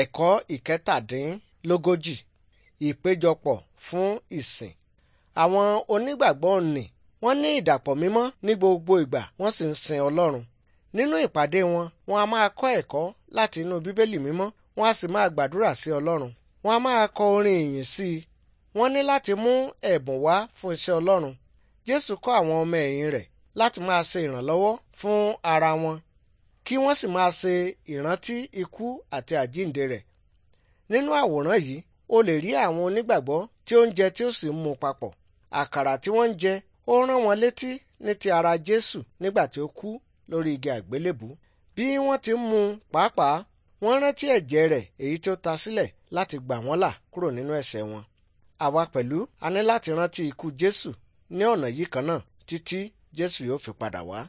ẹ̀kọ́ ìkẹtàdínlógójì ìpéjọpọ̀ fún ìsìn àwọn onígbàgbọ́ nì wọ́n ní ìdàpọ̀ mímọ́ ní gbogbo ìgbà wọ́n sì ń sin Ọlọ́run nínú ìpàdé wọn wọn a máa kọ́ ẹ̀kọ́ láti inú bíbélì mímọ́ wọn a sì máa gbàdúrà sí Ọlọ́run wọn a máa kọ orin ìyìn sí i wọ́n ní láti mú ẹ̀bùn wá fún iṣẹ́ Ọlọ́run Jésù kọ́ àwọn ọmọ ẹ̀yìn rẹ̀ láti máa ṣe ìrànlọ́wọ́ fún ara wọn kí wọ́n sì máa ṣe ìrántí ikú àti àjíǹde rẹ̀. Nínú àwòrán yìí, o lè rí àwọn onígbàgbọ́ tí ó ń jẹ tí ó sì ń mu papọ̀. Àkàrà tí wọ́n ń jẹ ó rán wọn létí ní ti ara Jésù nígbà tí ó kú lórí igi àgbélébùú. Bí wọ́n ti ń mu pàápàá, wọ́n rántí ẹ̀jẹ̀ rẹ̀ èyí tí ta sílẹ̀ láti gbà wọ́n là kúrò nínú ẹ̀ṣẹ̀ wọn. Àwa pẹ̀lú a ní láti rántí ikú Jésù ní ọ̀nà yìí kan náà títí Jésù yóò fi padà wá.